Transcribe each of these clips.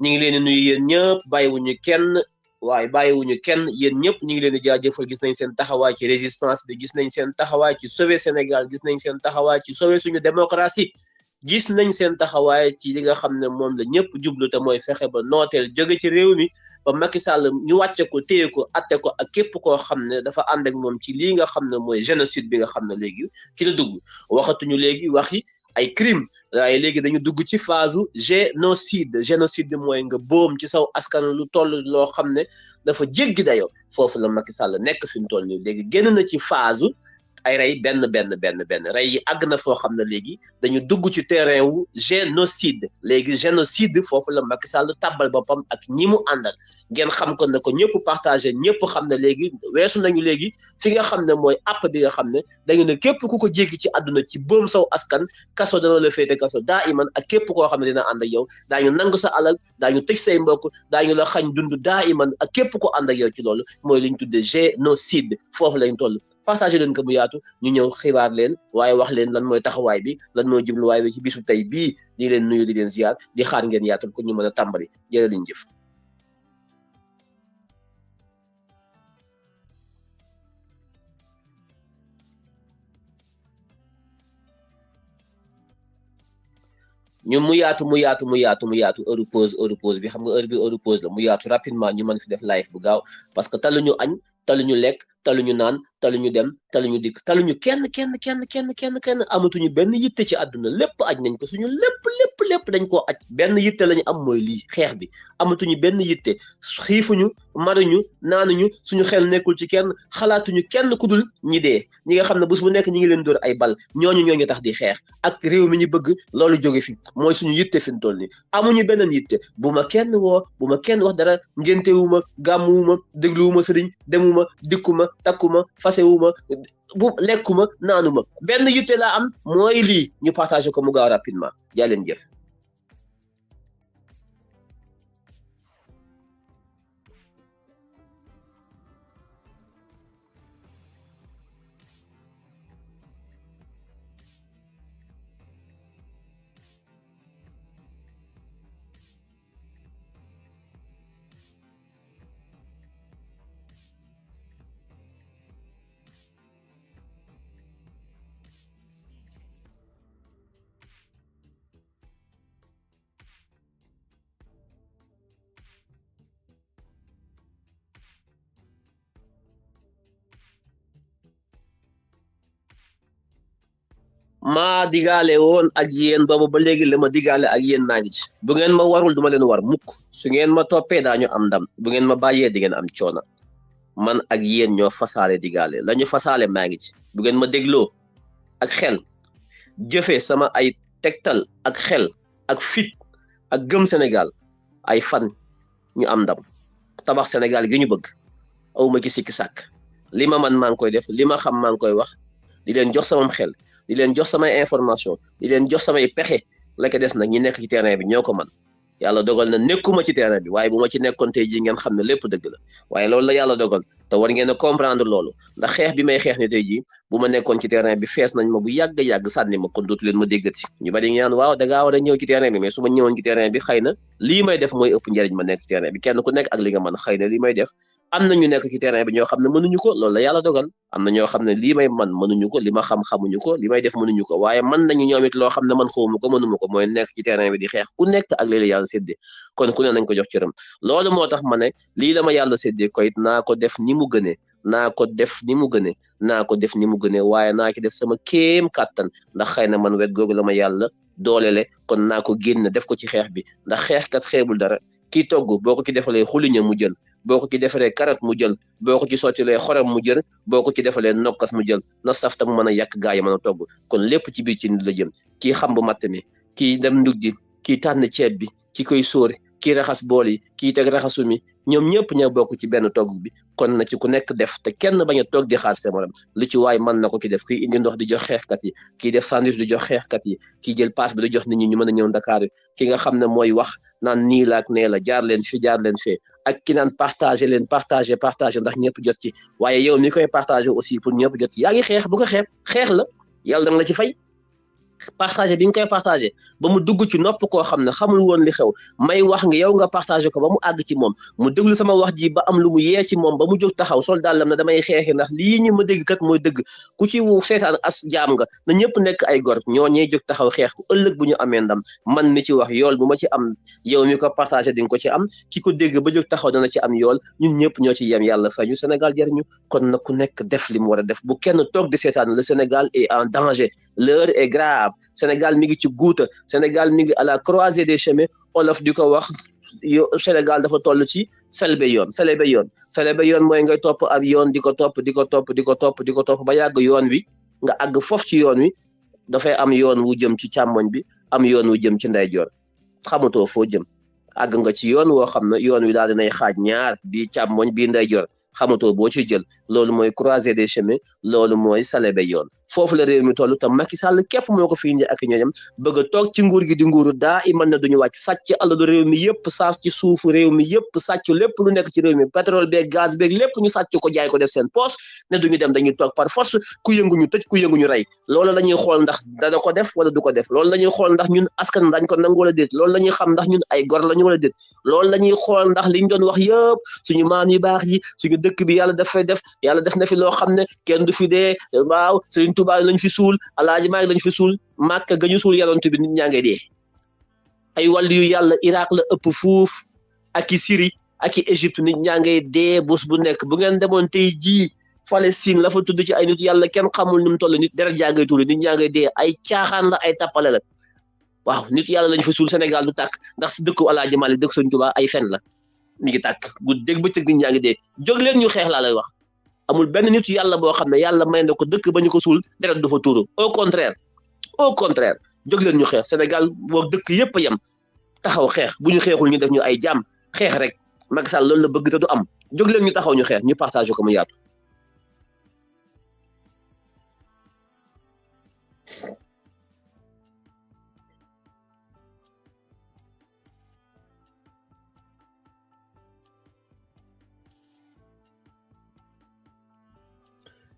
ñu ngi leen di nuyu yéen ñëpp bàyyiwuñu kenn waaye bàyyiwuñu kenn yéen ñëpp ñu ngi leen di jaajëfal gis nañ seen taxawaay ci résistance bi gis nañ seen taxawaay ci sauver Sénégal gis nañ seen taxawaay ci sauver suñu démocratie gis nañ seen taxawaay ci li nga xam ne moom la ñëpp jublu te mooy fexe ba nooteel jóge ci réew mi ba Macky Sall ñu wàcce ko téye ko atte ko ak képp koo xam ne dafa ànd ak moom ci lii nga xam ne mooy génocide bi nga xam ne léegi ki la dugg waxatuñu léegi waxi ai crime ai legi dañu dugg genocida genocida génocide génocide bom que são ci saw askan lu toll loo xam ne dafa jéggi dayoo foofu la Macky Sall nekk fi mu toll nii léegi ay rey benn benn benn benn rey yi àgg na foo xam ne léegi dañu dugg ci terrain wu génocide léegi génocide foofu la Macky Sall tàbbal boppam ak ñii mu àndal ngeen xam ko ne ko ñëpp partagé ñëpp xam ne léegi weesu nañu léegi fi nga xam ne mooy àpp bi xam ne dañu ne képp ku ko jéggi ci àdduna ci boom saw askan kaso dana la féete kaso daa iman ak képp koo xam ne dina ànd ak yow daañu sa alal daañu teg say mbokk daañu la xañ dund daa iman ak képp ko ànd ak yow ci loolu mooy li ñu tuddee génocide foofu lañ toll partager leen ko bu yaatu ñu ñew xibaar leen waye wax leen lan moy taxaway bi lan mooy jubluwaay bi ci bisu tay bi di leen nuyu di leen ziar di xaar ngeen yaatu ko ñu mëna tambali tàmbali liñ jëf ñu mu yaatu mu yaatu mu yaatu mu yaatu heure pause heure pause bi xam nga heure bi heure pause la mu yaatu rapidement ñu mën fi def live bu gaaw parce que taluñu añ taluñu lek talu ñu naan ñu dem taluñu dikk ñu kenn kenn kenn kenn kenn kenn amatuñu benn yitte ci àdduna lépp aj nañ ko suñu lépp lépp lépp dañ ko aj benn yitte lañu am mooy lii xeex bi amatuñu benn yitte ñu xiifuñu maruñu naanuñu suñu xel nekkul ci kenn xalaatuñu kenn ku dul ñi dee ñi nga xam ne bus bu nekk ñi ngi leen dóor ay bal ñooñu ñooñu tax di xeex ak réew mi ñu bëgg loolu jóge fi mooy suñu yitte fi mu toll nii amuñu beneen yitte bu ma kenn woo bu ma kenn wax dara ngéntewuma gàmmuwuma dégluwuma sëriñ demuma dikkuma takkuma fasewuma bu lekkuma naanuma benn yitte laa am mooy lii ñu partagé ko mu gaaw rapidement jaa jëf maa digaale woon ak yéen boobu ba léegi la ma digaale ak yéen maa ngi ci ngeen ma warul duma leen war mukk su ngeen ma toppee daañu am ndam bu ngeen ma bàyyee di ngeen am coona man ak yéen ñoo fasaale digale la ñu fasaale maa ngi ci bu ngeen ma dégloo ak xel jëfee sama ay tegtal ak xel ak fit ak gëm Sénégal ay fan ñu am ndam tabax Sénégal gi ñu bëgg awma ci sikki sàkk li ma man maa ngi koy def li ma xam maa ngi koy wax di leen jox sama xel di leen jox samay information di leen jox samay pexe la ko des nag ñi nekk ci terrain bi ñoo ko man yàlla dogal na nekkuma ci terrain bi waaye bu ma ci nekkoon tey jii ngeen xam ne lépp dëgg la waaye la yàlla dogal te war ngeen a loolu ndax bi may xeex ne tey jii bu ma nekkoon ci terrain bi fees nañ ma bu yàgg yàgg sànni ma kon dootu leen ma déggati ñu bari ñu naan waaw da war a ñëw ci terrain bi mais su ma ñëwoon ci terrain bi xëy na lii may def mooy ëpp njëriñ ma nekk ci terrain bi kenn ku nekk ak li nga mën xëy na lii may def am na ñu nekk ci terrain bi ñoo xam ne mënuñu ko loolu la yàlla dogal am na ñoo xam ne lii may man mënuñu ko li ma xam xamuñu ko li may def mënuñu ko waaye man na ñoom it loo xam ne man xawma ko mënuma ko mooy nekk ci terrain bi di xeex ku nekk ak léeg-léeg kon ku ne nañ ko jox cëram loolu moo tax ma ne lii la ma yàlla séddee ko it naa ko def ni mu gënee naa ko def ni mu gënee naa ko def ni mu gënee waaye naa ci def sama kéem kàttan ndax xëy na man wet googu la ma yàlla doolele kon naa ko génn def ko ci xeex bi ndax xeexkat xeebul dara kii togg boo ko ci defalee xuliña mu jël boo ko ci defaree carotte mu jël boo ko ci sottilee xorom mu jël boo ko ci defalee nokkas mu jël na safta mu mën a yàq gaa yi mën a togg kon lépp ci biir ci nit la jëm kii xam bu matt mi kii dem ndug ji kii tànn ceeb bi ki koy sóor kii raxas bool yi kii teg raxasu mi ñoom ñëpp ña bokk ci benn togg bi kon na ci ku nekk def te kenn bañ a toog di xaar sa morom lu ci waay mën na ko ki def kii indi ndox di jox xeexkat yi kii def sandwich di jox xeexkat yi kii jël paas bi di jox nit ñi ñu mën a ñëw Dakar ki nga xam ne mooy wax naan nii laak nee la jaar leen fi jaar leen fee ak ki naan partagé leen partagé partagé ndax ñëpp jot ci waaye yow mi koy partagé aussi pour ñëpp jot ci yaa ngi xeex bu ko xeeb xeex la yàlla danga la ci fay partagé bi nga koy partagé ba mu dugg ci nopp koo xam ne xamul woon li xew may wax nga yow nga partagé ko ba mu àgg ci moom mu déglu sama wax ji ba am lu mu yee ci moom ba mu jóg taxaw sol dàllam ne damay xeexi ndax lii ñu ma dégg kat mooy dëgg ku ci seetaan as jaam nga na ñëpp nekk ay gor ñoo ñey jóg taxaw xeex ëllëg bu ñu amee ndam man mi ci wax yool bu ma ci am yow mi ko partagé di ko ci am ki ko dégg ba jóg taxaw dana ci am yool ñun ñëpp ñoo ci yem yàlla fay ñu Sénégal jariñu kon na ku nekk def li mu war a def bu kenn toog di seetaan le Sénégal est en danger l'heure est grave tubaab Sénégal mi ngi ci guuta Sénégal mi ngi à la croisée des chemins olof di ko wax yo Sénégal dafa toll ci selbe yoon selbe yoon selbe yoon mooy nga topp ab yoon di ko topp di ko topp di ko topp di ko topp ba yàgg yoon wi nga àgg foofu ci yoon wi dafay am yoon wu jëm ci càmmoñ bi am yoon wu jëm ci ndeyjoor xamutoo foo jëm àgg nga ci yoon woo xam ne yoon wi daal dinay xaaj ñaar bii càmmoñ bii ndeyjoor xamatoo boo ciy jël loolu mooy croiser des chemins loolu mooy salebe yoon foofu la réew mi toll te Macky Sall képp moo ko fi indi ak ñooñam bëgg a toog ci nguur gi di nguuru daa i mën na duñu wàcc sàcc alalu réew mi yëpp saaf ci suufu réew mi yëpp sàcc lépp lu nekk ci réew mi pétrole beeg gaz beeg lépp ñu sàcc ko jaay ko def seen poche ne duñu dem dañuy toog par force ku yëngu ñu tëj ku yëngu ñu rey loolu la ñuy xool ndax dana ko def wala du ko def loolu la dëkk bi yàlla def fay def yàlla def na fi loo xam ne kenn du fi dee waaw Serigne Touba lañ fi suul Alaaji lañ fi suul Màkka gañu suul yonent bi nit ñaa ngay dee ay wàllu yu yàlla Irak la ëpp fuuf ak i Syrie ak i Égypte nit ñaa ngay dee bu nekk bu ngeen demoon tey jii Palestine la fa tudd ci ay nit yàlla kenn xamul ni mu toll nit deret jaa ngay tuuli nit ñaa ngay dee ay caaxaan la ay tàppale la nit yàlla lañ fa suul Sénégal du tàkk ndax si dëkku Alaaji Maalik dëkk Serigne Touba ay fen la mi ngi tàkk guddeeg bëccëg nit ñaa ngi dee jóg leen ñu xeex laa lay wax amul benn nit yàlla boo xam ne yàlla may na ko dëkk ba ñu ko suul deret du fa tuuru au contraire au contraire jóg leen ñu xeex Sénégal boo dëkk yëpp yem taxaw xeex bu ñu xeexul ñu def ñu ay jàmm xeex rek Macky Sall loolu la bëgg te du am jóg leen ñu taxaw ñu xeex ñu partagé ko mu yaatu.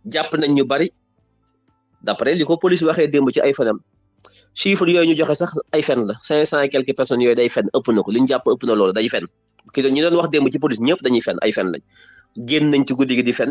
jàpp nañ ñu bari d'après li ko police waxee démb ci ay fenam chiffre yooyu ñu joxe sax ay fen la cinq cent et quelques personnes yooyu day fen ëpp na ko li ñu jàpp ëpp na loolu day fen ki doon ñu doon wax démb ci police ñëpp dañuy fen ay fen lañ génn nañ ci guddi gi di fen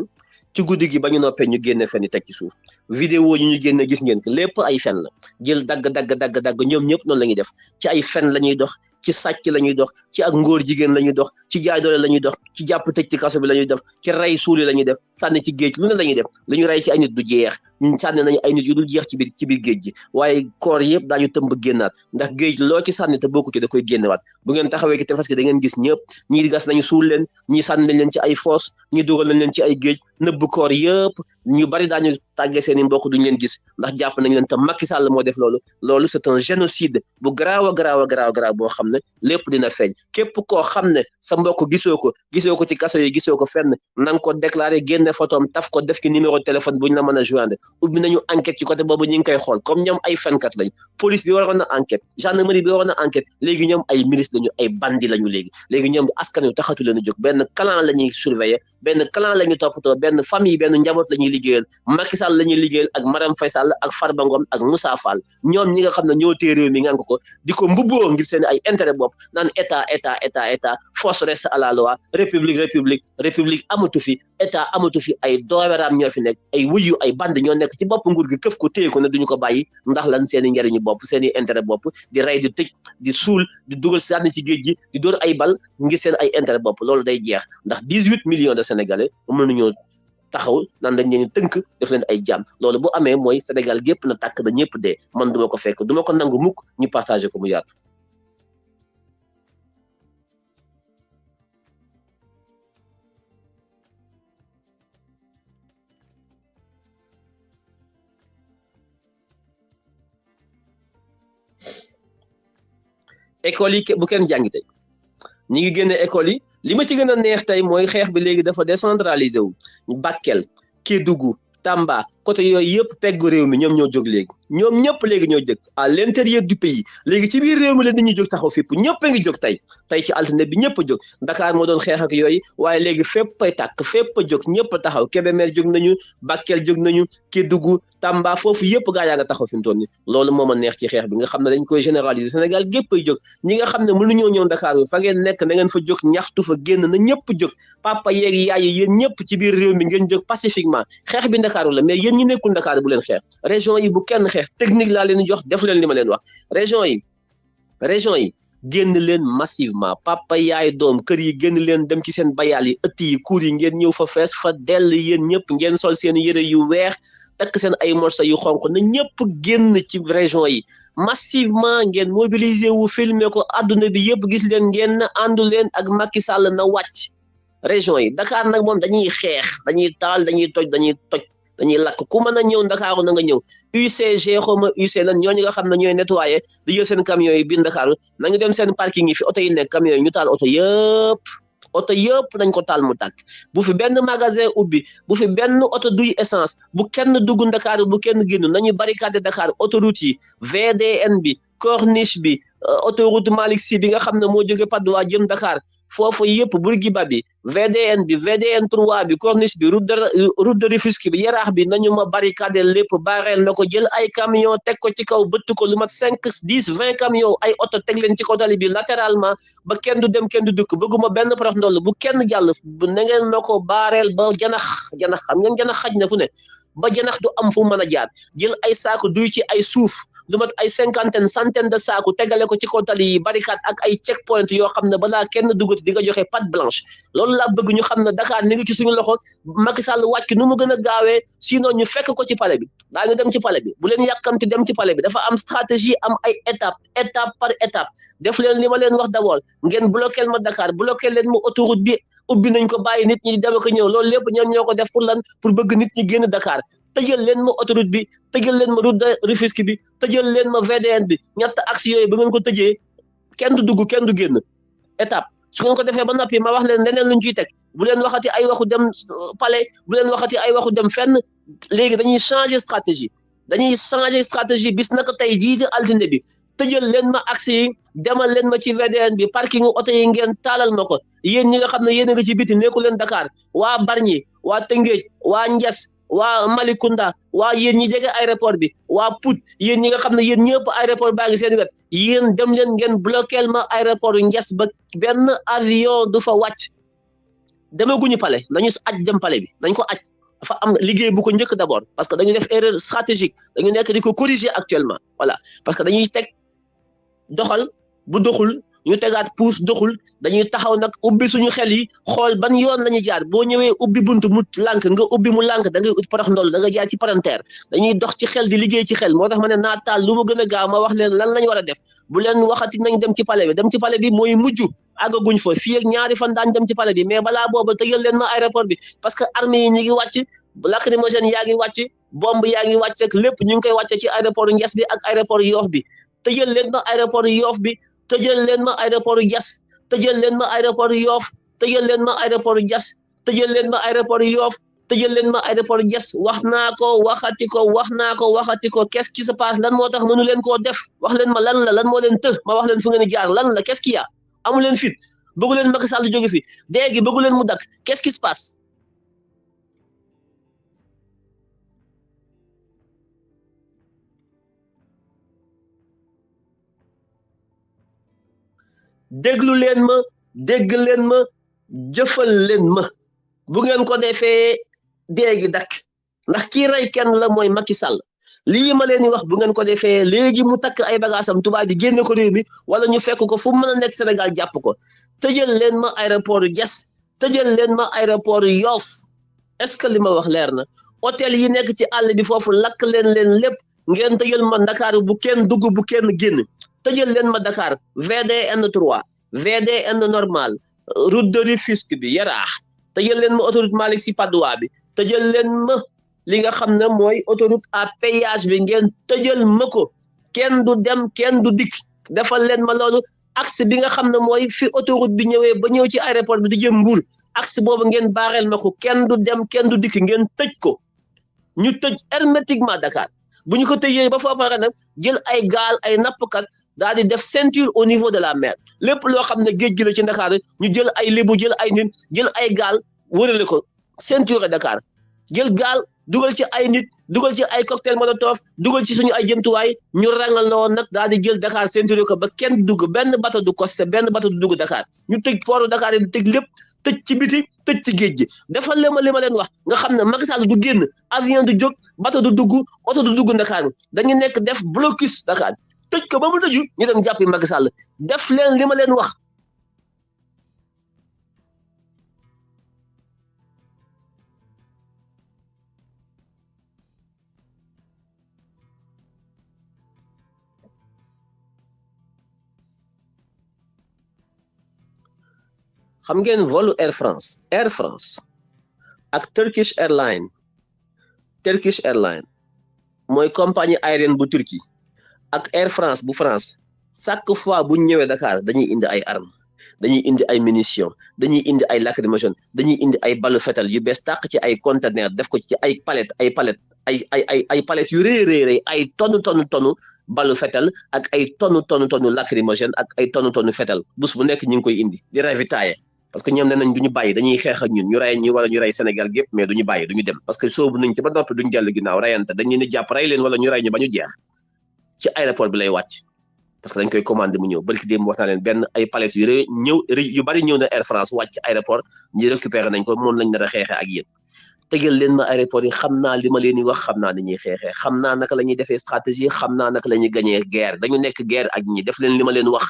ci guddi gi ba ñu noppee ñu génne fen yi teg ci suuf vidéo yi ñu génne gis ngeen ko lépp ay fen la jël dagg dagg dagg dagg ñoom ñëpp noonu la ñuy def ci ay fen la ñuy dox ci sàcc la ñuy dox ci ak ngóor jigéen la ñuy dox ci jaay doole la ñuy dox ci jàpp tëj ci kaso bi lañuy def ci rey suuli la ñuy def sànni ci géej lu ne la ñuy def li ñu rey ci ay nit du jeex ñun sànni nañu ay nit yu dul jeex ci biir ci biir géej gi waaye koor yëpp daañu tëmb génnaat ndax géej loo ci sànni te bokku ci da koy génnewaat bu ngeen taxawee ci tefes gi da gis ñëpp ñii gas nañu suul leen ñii sànni nañ leen ci ay foos ñii dugal nañ leen ci ay géej nëbb koor yëpp ñu bari daañu tàggee seen i mbokk duñu leen gis ndax jàpp nañ leen te Macky Sall moo def loolu loolu c'est génocide bu garaaw a garaaw a garaaw garaaw boo xam ne lépp dina feeñ képp koo xam ne sa mbokk gisoo ko gisoo ko ci kaso yi gisoo ko fenn na nga ko déclaré génne photoom taf ko def ki numéro téléphone bu ñu la mën a joindre ubbi nañu enquête ci côté boobu ñu ngi koy xool comme ñoom ay fenkat lañ police bi waroon na enquête gendarmerie bi waroon na enquête léegi ñoom ay milice lañu ay bandi lañu léegi leen a benn clan la ñuy surveiller benn clan la ñuy toppatoo benn famille benn njaboot liggéeyal Macky Sall la ñuy liggéeyal ak mara Faye Sall ak Farba Ngom ak Moussa Fall ñoom ñi nga xam ne ñoo téye réew mi ngaan ko ko di ko mbubboo ngir seen ay intérêt bopp naan état état état état force reste à la loi république république république amatu fi état amatu fi ay dooweraam ñoo fi nekk ay wuyu ay band ñoo nekk ci bopp nguur gi këf ko téye ko ne duñu ko bàyyi ndax lan seen i njëriñu bopp seen i intérêt bopp di rey di tëj di suul di dugal sànni ci géej gi di dóor ay bal ngir seen ay intérêt bopp loolu day jeex ndax dix-huit millions de sénégalais mënuñoo taxaw naan dañ leen tënk def leen ay jaam loolu boo amee mooy senegal gépp na takk na ñëpp de man duma ko fekk duma ko nangu mukk ñu partagé ko mu yaatu école yi bu kenn jàngi tey ñi ngi génne école yi li ma ci gën a neex tey mooy xeex bi léegi dafa décentralisé wu Bakel Kédougou Tamba côté yooyu yëpp peggu réew mi ñoom ñoo jog léegi ñoom ñëpp léegi ñoo jog à l'intérieur du pays léegi ci biir réew mi la nit ñi jóg taxaw fépp ñëpp a ngi jóg tey tey ci altine bi ñëpp a jóg Dakar moo doon xeex ak yooyu waaye léegi fépp ay tàkk fépp a ñëpp taxaw Kébémer jóg nañu Bakel jóg nañu Kédougou Tamba foofu yëpp gaa yaa nga taxaw fi mu toll nii loolu moo ma neex ci xeex bi nga xam ne dañ koy généraliser Sénégal gépp ay jóg ñi nga xam ne mënuñoo ñëw Dakar fa ngeen nekk na ngeen fa jog ñaxtu fa génn na ñëpp jóg papa yeeg yaay yéen ñëpp ci biir réew mi ngeen jog pacifiquement xeex bi Dakar la yéen ñi nekkul Dakar bu leen xeex région yi bu kenn xeex technique la leen jox def leen leen wax région yi région yi génn leen massivement papa yaay doom kër yi génn leen dem ci seen bayaal yi ëtt yi kuur yi ngeen ñëw fa fees fa dell yéen ñëpp ngeen sol seen yére yu weex takk seen ay morso yu xonq na ñëpp génn ci région yi massivement ngeen mobiliser wu filmer ko àdduna bi yëpp gis leen ngeen àndu leen ak Macky Sall na wàcc région yi Dakar nag moom dañuy xeex dañuy taal dañuy toj dañuy lakk ku mën a ñëw ndakaaru na nga ñëw UCG xaw ma UC lan ñooñu nga xam ne ñooy nettoyé di jël seen camions yi biir ndakaaru na dem seen parking yi fi oto yi nekk camions yi ñu taal oto yëpp oto yëpp nañ ko taal mu tàkk bu fi benn magasin ubbi bu fi benn oto duy essence bu kenn dugg ndakaaru bu kenn génn nañu barricade Dakar autoroute yi VDN bi corniche bi euh, autoroute Malick Sy bi nga xam ne moo jóge Padoa jëm Dakar foofu yëpp Bourguiba bi VDN bi VDN 3 bi corniche bi route de euh, route de bi yaraax bi nañu ma barricade lépp bareel na ko jël ay camion teg ko ci kaw bëtt ko lu mat cinq dix vingt camion ay oto teg leen ci kaw tali bi latéralement ba kenn du dem kenn du dukk bëgguma benn prox ndoll bu kenn jàll na ngeen ma ko bareel ba janax janax xam ngeen janax xaj na fu ne ba janax du am fu mën a jaar jël ay saako duy ci ay suuf lu mat ay cinquantenne centaine de saaku tegale ko ci kaw tali yi barricade ak ay check point yoo xam ne balaa kenn duggati di nga joxe patte blanche loolu laa bëgg ñu xam ne Dakar ni ngi ci suñ loxo Macky Sall wàcc nu mu gën a gaawee sinon ñu fekk ko ci pale bi daa ngi dem ci pale bi bu leen yàkkamti dem ci pale bi dafa am stratégie am ay étape étape par étape def leen li ma leen wax d'abord ngeen bloqueel ma Dakar bloqueel leen ma autoroute bi ubbi nañ ko bàyyi nit ñi dem ak ñëw loolu lépp ñoom ñoo ko def pour lan pour bëgg nit ñi génn Dakar tëjal leen ma autoroute bi tëjal leen ma route de Rufisque bi tëjal leen ma VDN bi ñett axe yooyu ba ngeen ko tëjee kenn du dugg kenn du génn étape su ngeen ko defee ba noppi ma wax leen leneen lu ñu ciy teg bu leen waxati ay waxu dem euh, palais bu leen waxati ay waxu dem fenn léegi dañuy changer stratégie dañuy changer stratégie bis naka tey jiite altine bi tëjal leen ma axe yi demal leen ma ci VDN bi parking oto yi ngeen taalal ma ko yéen ñi nga xam ne yéen a nga ci biti nekku leen Dakar waa Bargny waa Tëngéej waa Njas waa Malicounda waa yéen ñi jege aéroport bi waa Pout yen ñi nga xam ne yéen ñëpp aéroport baa ngi seen wet yéen dem leen ngeen bloqueel ma aéroport Nges ba benn avion du fa wàcc demaguñu pale nañu aj dem pale bi nañ ko aj dafa am liggéey bu ko njëkk d'abord parce que dañu def erreur stratégique dañu nekk diko ko corriger actuellement voilà parce que dañuy teg doxal bu doxul ñu tegaat puus doxul dañuy taxaw nag ubbi suñu xel yi xool ban yoon la ñuy jaar boo ñëwee ubbi bunt mu lànk nga ubbi mu lank da ngay ut parax ndoll da nga jaar ci dañuy dox ci xel di liggéey ci xel moo tax ma ne naa taal lu mu gën a gaaw ma wax leen lañ war a def bu leen waxati nañ dem ci pale bi dem ci pale bi mooy mujj àggaguñ fa fii ak ñaari fan daañ dem ci pale bi mais balaa booba tëjal leen ma aéroport bi parce que armée yi ñu ngi wàcc lacrymogène yaa ngi wàcc bomb yaa ngi wàcc ak lépp ñu ngi koy wàcce ci aéroport Nges bi ak aéroport Yoff bi tëjal leen ma aéroport Yoff bi tëjal leen ma aéroport Diass tëjal leen ma aéroport Yoff tëjal leen ma aéroport Diass tëjal leen ma aéroport Yoff tëjal leen ma aéroport Diass wax naa ko waxati ko wax naa ko waxati ko qu'est-ce qui se passe lan moo tax mënu leen koo def wax leen ma lan la lan moo leen të ma wax leen fu ngeen jaar lan la qu'est-ce qu'il y a amu leen fit bëggu leen Macky Sall jóge fi dégg bëggu leen mu dakk qu'est-ce qui passe déglu leen ma dégg leen ma jëfal leen ma bu ngeen ko defee dee gi dakk ndax kii rey kenn la mooy Macky Sall lii ma leen di wax bu ngeen ko defee léegi mu takk ay bagaasam tubaab bi génne ko réew mi wala ñu fekk ko fu mu mën a nekk Sénégal jàpp ko tëjal leen ma aéroport Diass tëjal leen ma aéroport Yoff est-ce que li ma wax leer na hôtel yi nekk ci àll bi foofu lakk leen leen lépp ngeen tëjal ma Ndakaaru bu kenn dugg bu kenn génn tëjal leen ma Dakar VDN 3 VDN normal route de Rufisque bi yaraax tëjal leen ma autoroute malik Sy padoa d'Oie bi tëjal leen ma li nga xam ne mooy autoroute à péage bi ngeen tëjal ma ko kenn du dem kenn du dikk defal leen ma loolu axe bi nga xam ne mooy fi autoroute bi ñëwee ba ñëw ci aéroport bi di jëm Mbour axe boobu ngeen baareel ma ko kenn du dem kenn du dikk ngeen tëj ko ñu tëj hermétiquement Dakar bu ñu ko tëjee ba foofa pare nag jël ay gaal ay nappkat daal di def ceinture au niveau de la mer lépp loo xam ne géej gi la ci Dakar ñu jël ay lébu jël ay nit jël ay gaal wërale ko ceinture Dakar jël gaal dugal ci ay nit dugal ci ay cocktail molotov dugal ci suñu ay jëmtuwaay ñu rangal na woon nag daal di jël Dakar ceinture ko ba kenn dugg benn bato du costé benn bato du dugg Dakar ñu tëj port Dakar yi tëj lépp. tëj ci biti tëj ci géej gi defal li ma li ma leen wax nga xam ne Macky Sall du génn avion du jóg bato du dugg oto du dugg Dakar dañu nekk def blocus Dakar tëj ko ba mu tëju ñu dem jàppi Macky Sall def leen li ma leen wax xam ngeen volu Air France Air France ak Turkish Airline Turkish Airline mooy compagnie aérienne bu Turquie ak Air France bu France chaque fois bu ñëwee Dakar dañuy indi ay armes dañuy indi ay munitions dañuy indi ay lacrymogènes dañuy indi ay balu fetal yu bees tàq ci ay conteneur def ko ci ay palettes ay palettes ay ay ay ay palettes yu rëy rëy rëy ay tonne tonne tonne balu fetal ak ay tonne tonne tonne lacrymogène ak ay tonne tonne fetal bus bu nekk ñu ngi koy indi di ravitailler parce que ñoom nee nañ du ñu bàyyi dañuy xeex ak ñun ñu rey ñu wala ñu rey Sénégal gépp mais du ñu bàyyi du ñu dem parce que soobu nañ ci ba noppi duñu dellu ginnaaw reyante dañu ni jàpp rey leen wala ñu rey ñu ba ñu jeex ci aéroport bi lay wàcc parce que dañ koy commandé mu ñëw barki démb wax naa leen benn ay palettes yu rëy ñëw yu bari ñëw na Air France wàcc aéroport ñu récupéré nañ ko moom lañ nar a xeexee ak yéen tegal leen ma aéroport yi xam naa li ma leen di wax xam na ni ñuy xeexee xam naa naka la ñuy defee stratégie xam naa naka la ñuy gañee dañu nekk guerre ak ñi def leen li ma leen wax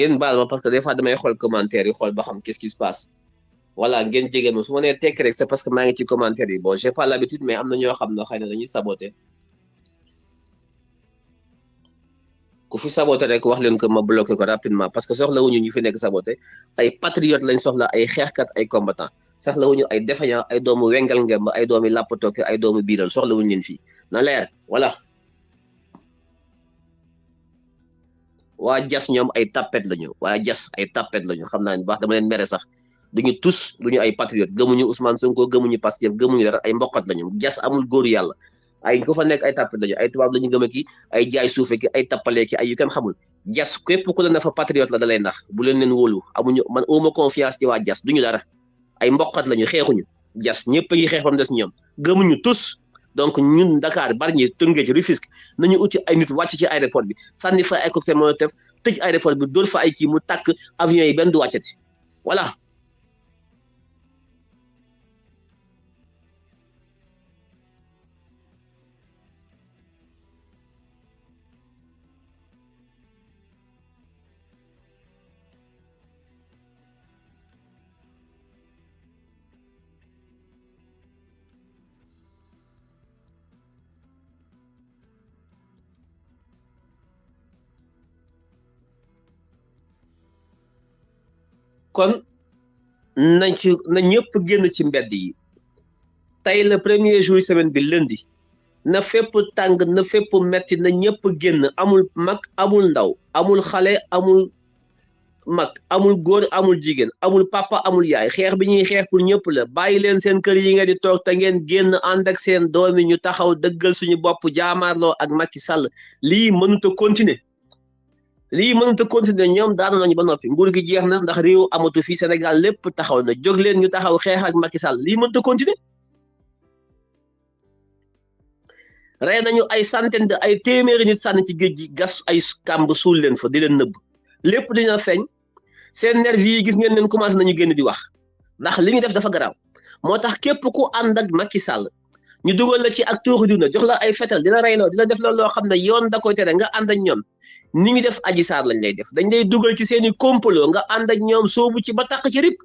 ngeen baal ma parce que des fois damay xool commentaire yi xool ba xam qu'est-ce qui se passe voilà ngeen jéggal ma su ma nee tekk rek c'est parce que maa ngi ci commentaire yi bon j'ai pas l'habitude mais am na ñoo xam ne xëy na dañuy saboter ku fi saboter rek wax leen ko ma bloqué ko rapidement parce que soxla wuñu ñu fi nekk saboter ay patriote lañ soxla ay xeexkat ay combattant soxla wuñu ay défaillant ay doomu wengal ngemb ay doomi lappatooke ay doomu biiral wuñu leen fii na leer voilà waa jas ñoom ay tappet lañu waa jas ay tappet lañu xam naa ne baax dama leen mere sax duñu tus duñu ay patriote gëmuñu Ousmane Sonko gëmuñu Pastef gëmuñu dara ay mboqat lañu jas amul góor yàlla ay ko fa nekk ay tappet lañu ay tubaab lañu gëm ki ay jaay suufe ki ay tappalee ki ay yu kenn xamul jas ku la ne fa la da lay nax bu leen leen wóolu amuñu man uma confiance ci waa jas duñu dara ay mboqat lañu xeexuñu jas ñëpp a ngi xeex ba mu des ñoom gëmuñu tus donc ñun Dakar Bargny Tëngéej Rufisque nañu uti ay nit wàcc ci aéroport bi sànni fa ay cocktail Molotov tëj aéroport bi dóor fa ay kii mu tàkk avion yi benn du wàccati voilà kon nañ ci na ñëpp génn ci mbedd yi tey le premier jour semaine bi lundi na fépp tàng na fépp metti na ñëpp génn amul mag amul ndaw amul xale amul mag amul góor amul jigéen amul papa amul yaay xeex bi ñuy xeex pour ñëpp la bàyyi leen seen kër yi nga di toog te ngeen génn ànd ak seen doomi ñu taxaw dëggal suñu bopp jaamaarloo ak Macky Sall lii mënut a lii mënut a continuer ñoom daanu nañu ba noppi nguur gi jeex na ndax réew amatu fi senegal lépp taxaw na jóg leen ñu taxaw xeex ak Macky lii mënut a continuer rey nañu ay centaine de ay téeméeri nit sànni ci géej gi gas ay kàmb suul leen fa di leen nëbb lépp dina feeñ seen nervi yi gis ngeen leen commencé nañu génn di wax ndax li ñu def dafa garaaw moo tax képp ku ànd ak Macky Sall ñu dugal la ci ak tuuxi duna jox la ay fetal dina reyloo dina def la loo xam ne yoon da tere nga ànd ak ñoom ni ñu def aji saar lañ lay def dañ lay dugal ci seen i complot nga ànd ak ñoom ci ba taq ci rib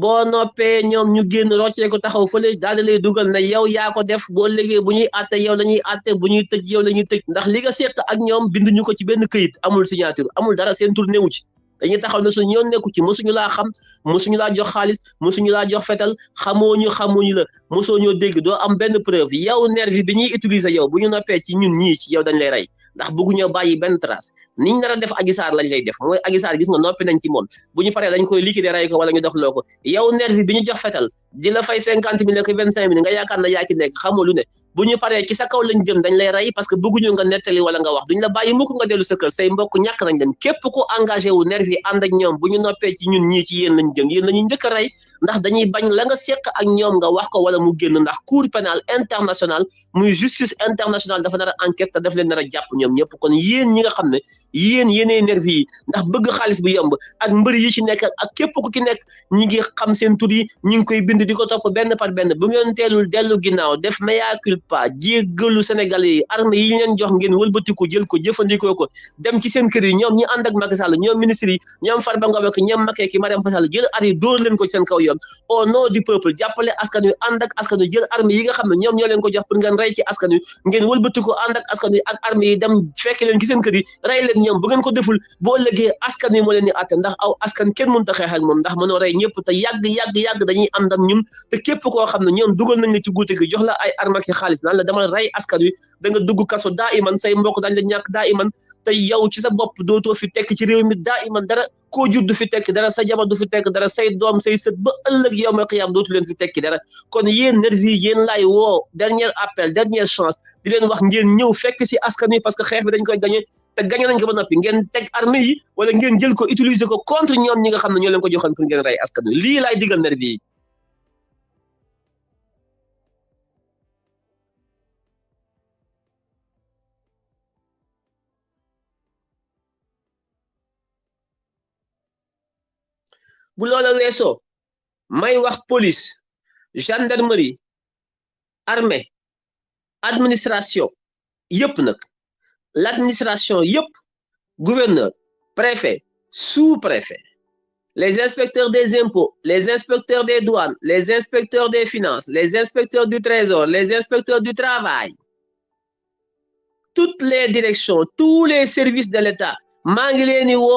boo noppee ñoom ñu génn roccee ko taxaw fële daal di lay dugal ne yow yaa ko def boo liggéey bu ñuy àtte yow la ñuy àtte bu ñuy tëj yow la ñuy tëj ndax li nga seq ak ñoom binduñu ko ci benn kayit amul signature amul dara seen tur ci dañu taxaw ne suñu yoon nekku ci mosuñu laa xam mosuñu laa jox xaalis mosuñu laa jox fetal xamooñu xamooñu la mosoo dégg doo am benn preuve yow nervi bi ñuy utiliser yow bu ñu noppee ci ñun ñii ci yow dañ lay rey ndax bëgguñoo bàyyi benn trace niñ nar a def Adji lañ lay def mooy Adji Sarr gis nga noppi nañ ci moom bu ñu paree dañ koy liquider rey ko wala ñu dox loo ko yow nervi bi ñu jox fetal di la fay cinquante mille ak vingt cinq mille nga yaakaar na yaa nekk xamoo lu ne bu ñu paree ci sa kaw lañ dañ lay rey parce que bëgguñu nga nettali wala nga wax duñ la bàyyi mukk nga dellu sa kër say mbokk nañ leen képp ku engagé wu nervi ànd ak ñoom bu ñu noppee ci ñun ñii ci yéen lañ jëm yéen njëkk a rey ndax dañuy bañ la nga seq ak ñoom nga wax ko wala mu génn ndax cour pénale internationale muy justice internationale dafa nar a enquête daf leen n a jàpp ñoom ñëpp kon yéen ñi nga xam ne yéen yéenee nervi yi ndax bëgg xaalis bu yomb ak mbër yi ci nekk ak képp ku ci nekk xam seen tur yi ngi koy bind indi diko top benn par benn bu ngeen teelul delu ginnaaw def maya culpa jéggalu sénégalais yi arme yi leen jox ngeen wëlbatiku jël ko ko dem ci seen kër yi ñom ñi and ak Macky Sall ñom ministre yi ñom Farba Ngom ak ñom Macky ki Mariam Fassal jël ari do leen ko seen kaw yoon au nom du peuple jappalé askan wi and ak askan wi jël askanu. yi nga xamne ñom ñoo leen ko jox pour ngeen ray ci askan wi ngeen wëlbatiku and ak askan wi ak arme yi dem fekk leen ci seen kër yi ray leen ñom bu ngeen ko deful bo askan wi mo leen di atté ndax aw askan kenn mënta xex ak mom ndax mëno ray ñëpp te yag yag yag dañuy ñun te képp koo xam ne ñoom dugal na la ci guute gi jox la ay arme xaalis naan la dama rey askan wi da nga dugg kaso daa iman say mbokk dañ la ñàkk daa iman te yow ci sa bopp dootoo fi tekk ci réew mi daa iman dara koo jur du fi tekki dara sa jabar du fi tekk dara say doom say sët ba ëllëg yow dootu leen fi tekki dara kon yéen nervi yi yéen laay woo dernier appel dernière chance di leen wax ngeen ñëw fekk si askan wi parce que xeex bi dañ koy gagné te gagné nañ ko ba teg armée yi wala ngeen jël ko utiliser ko contre ñoom ñi nga xam ne ñoo leen ko joxoon pour ngeen rey askan lii laay digal nervi yi bu loola weesoo may police gendarmerie armée administration yep l'administration gouverneur préfet sous-préfet les inspecteurs des impôts, les inspecteurs des douanes, les inspecteurs des finances, les inspecteurs du trésor, les inspecteurs du travail, toutes les directions, tous les services de l'État maa ngi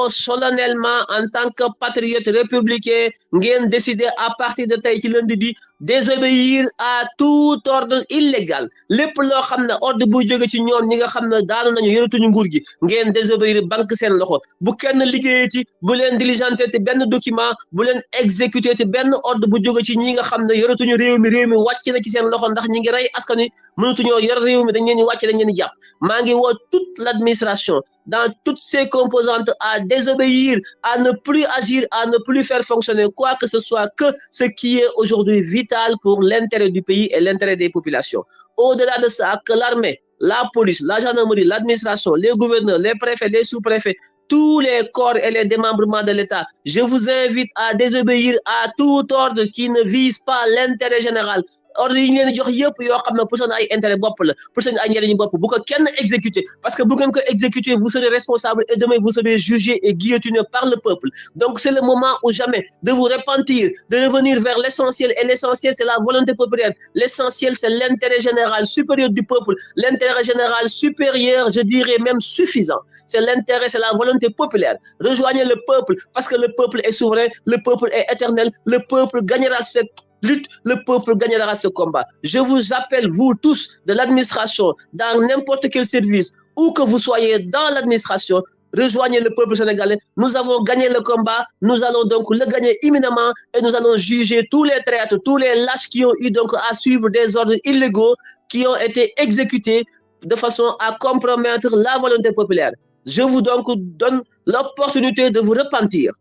solennellement en tant que patriote républicain ngeen décider à partir de tay ci lundi bi désobéir à tout ordre illégal lepp lo xamné ordre bu jóge ci ñoom ñi nga xamné ne daanu nañu ñu nguur gi ngeen désobéir banque sen loxo bu kenn liggéeyati bu len diligenter te ben document bu len exécuter te ben ordre bu jóge ci ñi nga xamné yëratu ñu réew mi réew mi wàcc na ci sen loxo ndax ñi ngi ray askani mënutu ñoo yor réew mi dañ leen di dañ leen japp mangi wo toute l'administration dans toutes ses composantes à désobéir, à ne plus agir, à ne plus faire fonctionner quoi que ce soit que ce qui est aujourd'hui vital pour l'intérêt du pays et l'intérêt des populations. Au-delà de ça, que l'armée, la police, la gendarmerie, l'administration, les gouverneurs, les préfets, les sous-préfets, tous les corps et les démembrements de l'État. Je vous invite à désobéir à tout ordre qui ne vise pas l'intérêt général, ordre yi jox yëpp yoo xam ne pour seen ay intérêt bopp la pour seen ay bopp bu ko kenn exécuter parce que bu ngeen ko exécuter vous serez responsable et demain vous serez jugé et guillotiné par le peuple donc c'est le moment ou jamais de vous repentir de revenir vers l'essentiel et l'essentiel c'est la volonté populaire l'essentiel c'est l'intérêt général supérieur du peuple l'intérêt général supérieur je dirais même suffisant c'est l'intérêt c'est la volonté populaire rejoignez le peuple parce que le peuple est souverain le peuple est éternel le peuple gagnera cette lutte, le peuple gagnera ce combat. Je vous appelle, vous tous, de l'administration, dans n'importe quel service, où que vous soyez dans l'administration, rejoignez le peuple sénégalais. Nous avons gagné le combat, nous allons donc le gagner imminemment et nous allons juger tous les traîtres, tous les lâches qui ont eu donc à suivre des ordres illégaux qui ont été exécutés de façon à compromettre la volonté populaire. Je vous donc donne l'opportunité de vous repentir.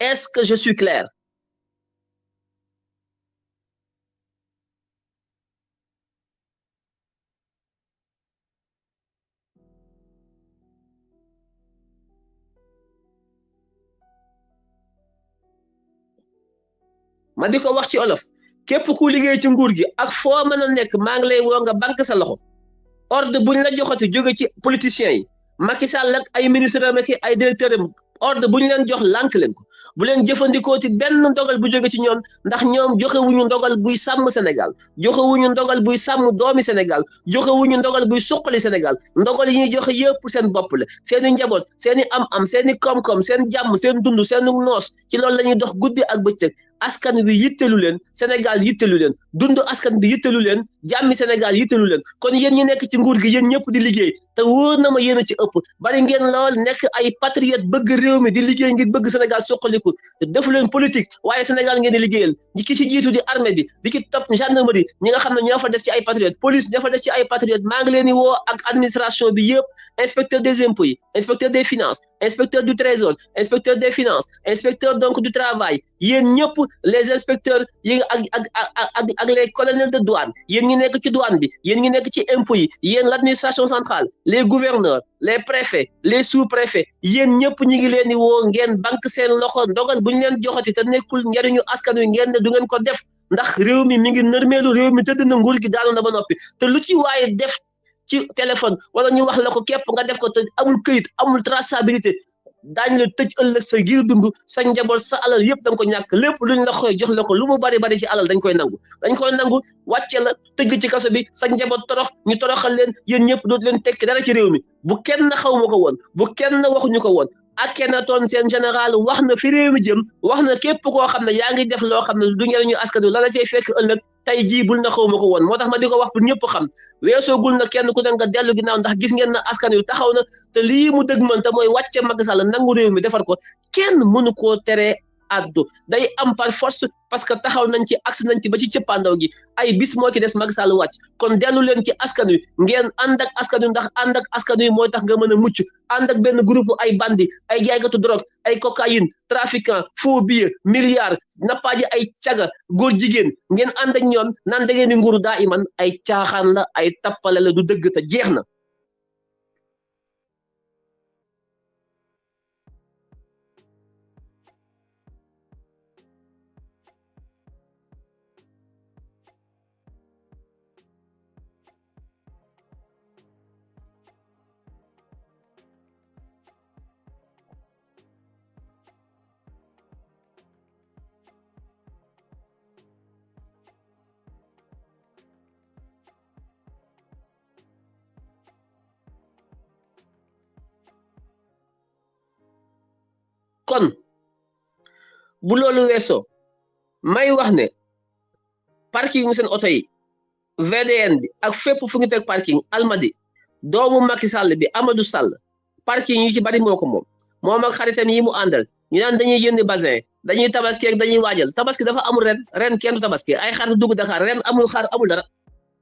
Est-ce que je suis clair ma di ko wax ci olof képp ku liggéey ci nguur gi ak foo mën a nekk maa ngi lay woo nga banque sa loxo ordre bu ñu la joxati jóge ci politiciens yi Macky Sall ay ministre am ak ay directeur am ordre bu ñu leen jox lank leen ko bu leen jëfandikoo ci benn ndogal bu jóge ci ñoom ndax ñoom joxewuñu ndogal buy sàmm Sénégal joxewuñu ndogal buy sàmm doomi Sénégal joxewuñu ndogal buy suqali Sénégal ndogal yi ñuy joxe yëpp seen bopp la seeni njaboot seeni am-am seeni koom-koom seen jàmm seen dund seenu noos ci loolu la ñuy dox guddi ak bëccëg askan bi yittelu leen Sénégal yittelu leen dund askan bi yittelu leen jàmmi Sénégal yittelu leen kon yéen ñi nekk ci nguur gi yéen ñëpp di liggéey te wóor na ma yéen ci ëpp bari ngeen lool nekk ay patriote bëgg réew mi di liggéey ngir bëgg Sénégal soqaliku defu leen politique waaye Sénégal ngeen di liggéeyal ñi ki ci jiitu di armée bi di ki topp gendarmerie ñi nga xam ne ñoo fa des ci ay patriote police ñoo fa des ci ay patriote maa ngi leen di woo ak administration bi yëpp inspecteur des impôts yi inspecteur des finances inspecteur du trésor inspecteur des finances inspecteur donc du travail yéen ñëpp les inspecteurs yi ak ak les colonels de douane yéen ñi nekk ci douane l'administration centrale les gouverneurs les préfets les sous-préfets les ñëpp ñi ngi leen banques woo ngeen banque loxo ndogal bu ñu leen joxati te ne du ngeen ko def ndax réew mi mi ngi réew mi na téléphone daañu la tëj ëllëg sa ngir dund sa njaboot sa alal yëpp da nga ko ñàkk lépp luñ la xooy jox la ko lu mu bari bari ci alal dañ koy nangu dañ koy nangu wàcce la tëj ci kaso bi sa njaboot torox ñu toroxal leen yéen ñëpp dootu leen tekki dara ci réew mi bu kenn xaw ma ko woon bu kenn waxuñu ko woon kenn Akhenaton seen général wax na fi réew mi jëm wax na képp koo xam ne yaa ngi def loo xam ne du njëriñu askan wi la la cay fekk ëllëg tey jii bul na xaw ma ko woon moo tax ma di ko wax pour ñëpp xam weesoogul na kenn ku ne nga gi ginnaaw ndax gis ngeen na askan yu taxaw na te lii mu dëgg man te mooy wàcce Macky Sall nangu réew mi defar ko kenn mënu koo teree addu day am par force parce que taxaw nañ ci axe nañ ci ba ci cëppaandaw gi ay bis moo ci des mag Sall wàcc kon dellu leen ci askan wi ngeen ànd ak askan wi ndax ànd ak askan wi mooy tax nga mën a mucc ànd ak groupe ay bandi ay jaaykatu drogue ay cocaïne trafiquant faux billets milliards nappaaji ay caga góor jigéen ngeen ànd ak ñoom da ngeen di nguuru daa iman ay caaxaan la ay tappale la du dëgg te jeex kon bu loolu weesoo may wax ne parking seen oto yi VDN bi ak fépp fu ñu teg parking almadi doomu Macky Sall bi Amadou Sall parking yi ci bari moo ko moom moom ak xaritam yi mu àndal ñu naan dañuy jënd basin dañuy tabaski dañuy waajal tabaski dafa amul ren ren kenn du tabaski ay xar dugg Dakar ren amul xar amul dara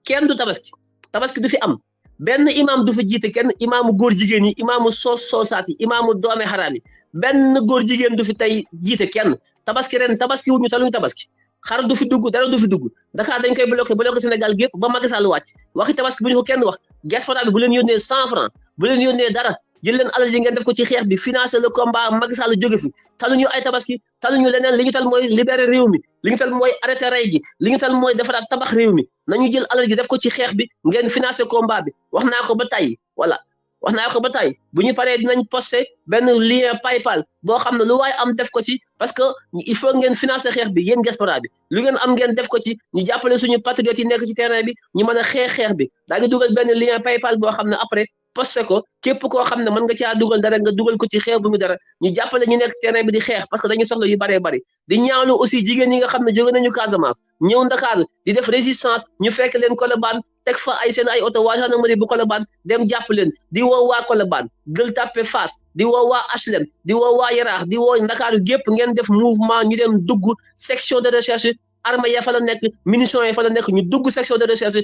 kenn du tabaski tabaski du fi am benn imaam du fa jiite kenn imaamu góor jigéen yi imaamu soos soosaat yi imaamu doome xaraam yi benn góor jigéen du fi tey jiite kenn tabaski ren tabaski wuñu taluñu tabaski xar du fi dugg dara du fi dugg Dakar dañ koy bloqué bloqué Sénégal gépp ba Macky Sall wàcc waxi tabaski bu ñu ko kenn wax diaspora bi bu leen yónnee cent franc bu leen yónnee dara jël leen ngeen def ko ci xeex bi financé le combat Macky Sall jóge fi taluñu ay tabaski taluñu leneen li ñu tal mooy libere réew mi li ñu tal mooy arrêté rey gi li ñu tal mooy defaraat tabax réew mi nañu jël alal gi ko ci xeex bi ngeen financé combat bi wax naa ko ba tàyyi voilà wax naa ko ba tey bu ñu paree dinañ posté benn lien paypal boo xam ne lu waaye am def ko ci parce que il faut ngeen financer xeex bi yéen diaspora bi lu ngeen am ngeen def ko ci ñu jàppale suñu patriotes yi nekk ci terrain bi ñu mën a xeex bi daa ngi dugal benn lien paypal boo xam ne après posté ko képp koo xam ne mën nga caa dugal dara nga dugal ko ci xeex bu ñu dara ñu jàppale ñu nekk terrain bi di xeex parce que dañu soxla yu baree bari di ñaawlu aussi jigéen ñi nga xam ne jóge nañu Casamance ñëw Ndakaaru di def résistance ñu fekk leen Colobane teg fa ay seen ay oto waa gendarmerie bu Colobane dem jàpp leen di woo waa Colobane Gueule Tapée Fass di woo waa HLM di woo waa Yaraax di woo Ndakaaru gépp ngeen def mouvement ñu dem dugg section de recherche arme ya fa la nekk munitions ya fa la nekk ñu dugg section de recherche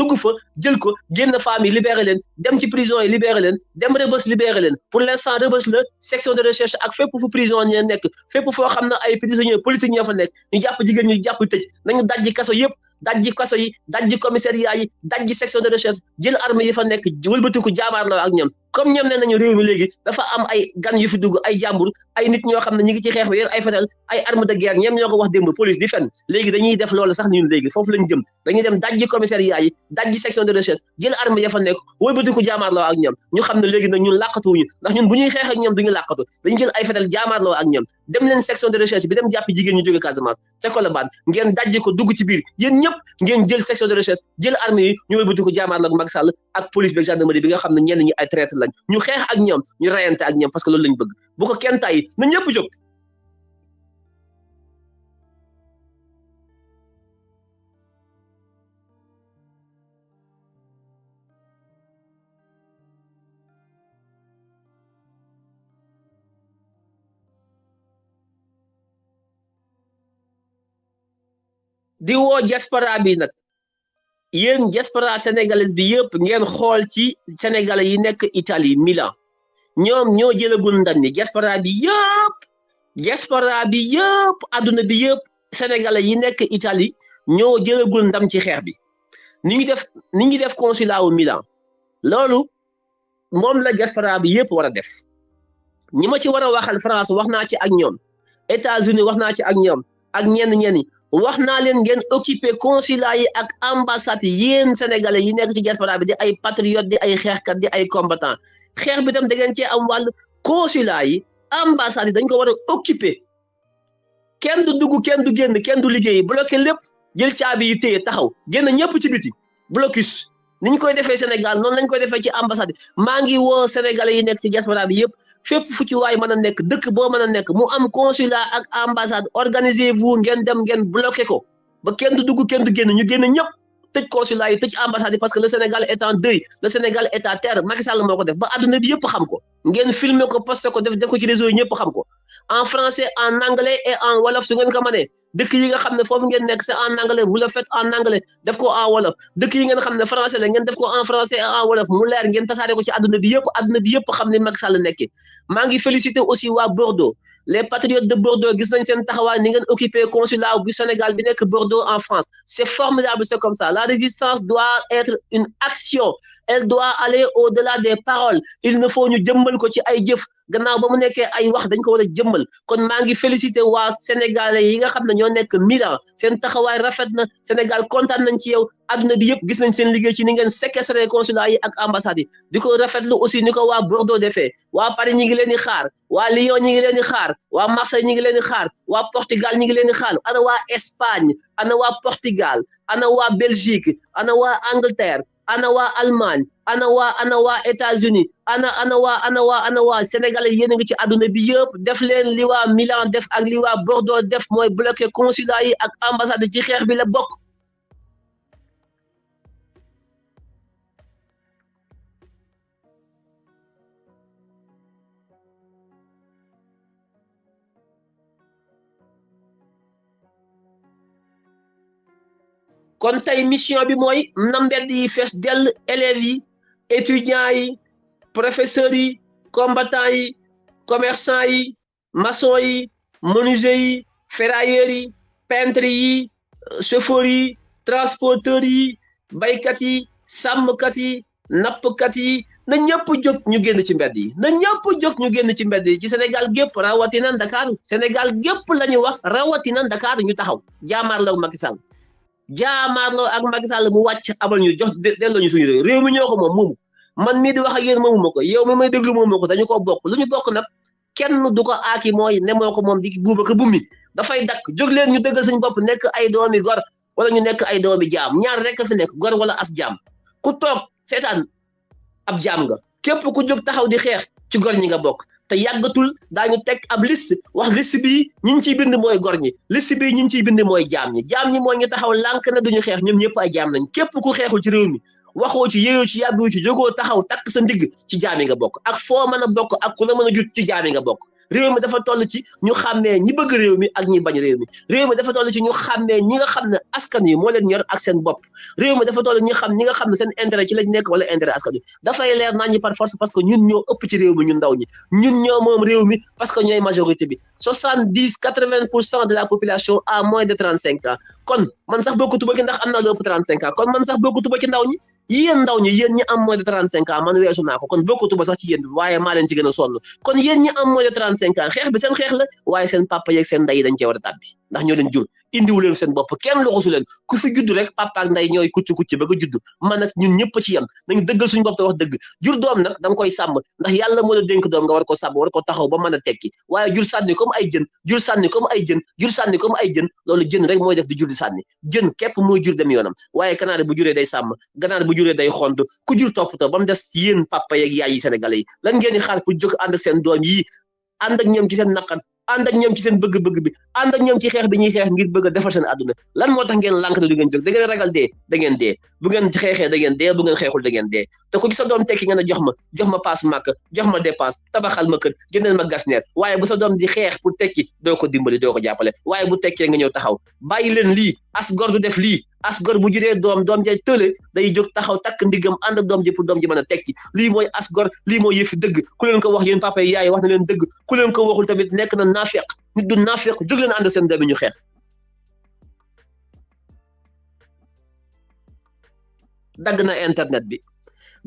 dugg fa jël ko genn femmes yi libéré leen dem ci prison yi libéré leen dem rebeus libéré leen pour l'instant rebeus la section de recherche ak fépp fu prison ñe nek fépp fo xamna ne ay prisonniers politiques ñoo fa nekk ñu japp jigéen ñu japp tëj nañu dajji kasso yépp dajji kasso yi dajji commissariat yi dajji section de recherche jël arme yi fa nekk wëlbatiku la ak ñoom comme ñoom nee nañu réew mi léegi dafa am ay gan yu fi dugg ay jàmbur ay nit ñoo xam ne ñu ngi ci xeex bi yor ay fetal ay arme de guerre ñoom ñoo ko wax démb police di fenn léegi dañuy def loolu sax ñun léegi foofu lañ jëm dañuy ñu xam ndax ñun bu ñuy xeex ak ñoom duñu làqatu dañuy jël ay fetal jaamaarloo ak ñoom dem leen section de recherche bi dem jàppi jigéen ñu jóge Casamance ca Colobane ngeen dajji ko dugg ci biir yéen ñëpp ngeen jël section de recherche jël arme yi ñu wëlbatiku jaamaarloo ak Macky Sall ak police bi ne ñenn ñi lañ ñu xeex ak ñoom ñu reyante ak ñoom parce que loolu lañ bëgg bu ko kenn tàyyi na ñëpp jóg di woo diaspora bi yéen diaspora sénégalaise bi yëpp ngeen xool ci sénégalais yi nekk Italie Milan ñoom ñoo jëlagul ndam ni diaspora bi yëpp diaspora bi yëpp àdduna bi yëpp sénégalais yi nekk Italie ñoo jëlagul ndam ci xeex bi ni ngi def ni ngi def consulat wu Milan loolu moom la diaspora bi yëpp war a def ñi ma ci war a waxal France wax naa ci ak ñoom États-Unis wax naa ci ak ñoom ak ñenn ñenn wax naa leen ngeen occupé consulat yi ak ambassade yéen sénégalais yi nekk ci diaspora bi di ay patriote di ay xeexkat di ay combattant xeex bi tam da ngeen cee am wàll consulat yi ambassade yi dañ ko war a occupé kenn du dugg kenn du génn kenn du liggéey bloqué lépp jël caabi yu téye taxaw génn ñëpp ci biti blocus ni ñu koy defee Sénégal noonu lañ koy defee ci ambasad maa ngi woo sénégalais yi nekk ci diaspora bi yëpp fépp fu ci waay mën a nekk dëkk boo mën a nekk mu am consulat ak ambassade organiser vous ngeen dem ngeen bloqué ko ba kenn du dugg kenn du génn ñu génn ñëpp tëj consulat yi tëj ambassade yi parce que le Sénégal est en deuil le Sénégal est terre Macky Sall moo ko def ba àdduna bi yëpp xam ko ngeen filmer ko posté ko def def ko ci réseau yi xam ko en français en anglais et en wolof su ngeen ko mënee dëkk yi nga ne c'est en anglais vous le faites en anglais def ko en wolof De yi vous xam français la ngeen def en français et en wolof mu leer ngeen pas ko ci àdduna bi yëpp àdduna bi yëpp xam Sall féliciter aussi à Bordeaux les patriotes de Bordeaux qui sont seen taxawaay ni ngeen consulat du Sénégal bi que Bordeaux en France c'est formidable c'est comme ça la résistance doit être une action elle doit aller au-delà des paroles il ne faut nous ko ci ay jëf gannaaw ay wax dañ ko a jëmmal kon ma ngi féliciter wa sénégalais yi nga xamné ñoo nekk Milan rafet na Sénégal nañ ci yow bi yépp gis nañ sen liggéey ci ni ngeen consulat ak ambassades aussi Bordeaux Paris ñi ngi Lyon ñi ngi Marseille ñi ngi Portugal ñi ngi leen Espagne ana Portugal ana Belgique ana Angleterre ana waa Allemagne ana waa ana waa États-Unis ana ana waa ana waa ana waa sénégalais yéen a ngi ci àdduna bi yëpp def leen li waa Milan def ak li waa Bordeaux def mooy bloqué consulat yi ak ambassade ci xeex bi la bokk kon tey mission bi mooy na mbedd yi fees dell élèves yi étudiants yi professeurs yi combattants yi commerçants yi maçon yi menuisiers yi ferrailleurs yi peintres yi chauffeurs yi transporteurs yi baykat yi sàmmkat yi nappkat yi na ñëpp jóg ñu génn ci mbedd yi na ñëpp jóg ñu génn ci mbedd yi ci Sénégal gépp rawati na Ndakaaru Sénégal gépp la ñu wax rawatina Ndakaaru ñu taxaw jaamaar law Macky Sall jaamaarloo ak Macky Sall mu wàcc amal ñu jox delloo ñu suñu réew réew mi ñoo ko moom moomu man mii di wax ak yéen moomu ma ko yow mi may déglu moomu ma ko dañu ko bokk lu ñu bokk nag kenn du ko aaki mooy ne moo ko moom di buuba ko bummi dafay dakk jóg leen ñu dëgg suñ bopp nekk ay doomi gor wala ñu nekk ay doomi jaam ñaar rekk fi nekk gor wala as jaam ku toog seetaan ab jaam nga képp ku jóg taxaw di xeex ci gor ñi nga bokk te yàggatul daañu teg ab liste wax liste bii ñi ñu ciy bind mooy gor ñi liste bii ñi ñu ciy bind mooy jam ñi jaam ñi mooy ñu taxaw lànk na duñu xeex ñoom ñëpp ay jaam nañ képp ku xeexu ci réew mi waxoo ci yéyoo ci yàbbiwu ci jógoo taxaw takk sa ndigg ci jaam yi nga bokk ak foo mën a bokk ak ku la mën a jut ci jaam yi nga bokk réew mi dafa toll ci ñu xàmmee ñi bëgg réew mi ak ñi bañ réew mi réew mi dafa toll ci ñu xàmmee ñi nga xam ne askan wi moo leen ñor ak seen bopp réew mi dafa toll ñi xam ñi nga xam ne seen intérêt ci lañ nekk wala intérêt askan wi dafay leer nañ par force parce que ñun ñoo ëpp ci réew mi ñun ndaw ñi ñun ñoo moom réew mi parce que ñooy majorité bi soixante dix quatre vingt pour cent de la population à moins de trente cinq ans kon man sax bokku tuba ci ndax am naa lu ëpp trente ci ndaw ñi yéen ndaw ñi yéen ñi am moins de 35 ans man weesu naa ko kon bokkatuma sax ci yéen waaye a sonn kon yéen ñi am moins de 35 ans xeex bi seen xeex la waaye seen papa yeeg seen ndey dañ cee war a ndax ñoo leen jur indiwu leen seen bopp kenn loxosu leen ku fi judd rek papa ak nday ñooy kucc kucc ba nga judd man nag ñun ñëpp ci yem nañu dëggal suñu bopp te wax dëgg jur doom nag da koy sàmm ndax yàlla moo la dénk nga war ko sam war ko taxaw ba mën a tekki waaye jur sànni comme ay jën jur sànni comme ay jën jur sànni comme ay jën loolu jën rek mooy def di jur di sànni jën képp mooy jur dem yoonam waaye kanaari bu juree day sàmm ganaar bu juree day xont ku jur toppatoo ba mu des yéen papa yeeg yaay yi sénégalais yi lan ngeen di xaar pour jóg ànd seen doom yi ànd ak ñoom ci seen naqar ànd ak ñoom ci seen bëgg-bëgg bi ànd ak ñoom ci xeex bi ñuy xeex ngir bëgg a defar seen àdduna lan moo tax ngeen lànk ne du ngeen jóg ragal dee da ngeen dee bu ngeen xeexee da ngeen dee bu ngeen jox ma jox ma paas màkk jox ma dépense tabaxal ma kër jëndal ma gas neer waaye bu sa doom di xeex pour tekki doo ko dimbali doo ko jàppale waaye bu tekkee nga ñëw taxaw bàyyi leen lii as gor du def lii as gor bu juree doom doom ja tële day jóg taxaw takk ndiggam ànd ak doom ji pour doom ji mën a teg lii mooy as gor lii mooy yëfi dëgg ku leen ko wax yéen papa yaay wax na leen dëgg ku leen ko waxul tamit nekk na naafeq nit du naafeq jóg leen ànd seen doom yi ñu xeex dagg na internet bi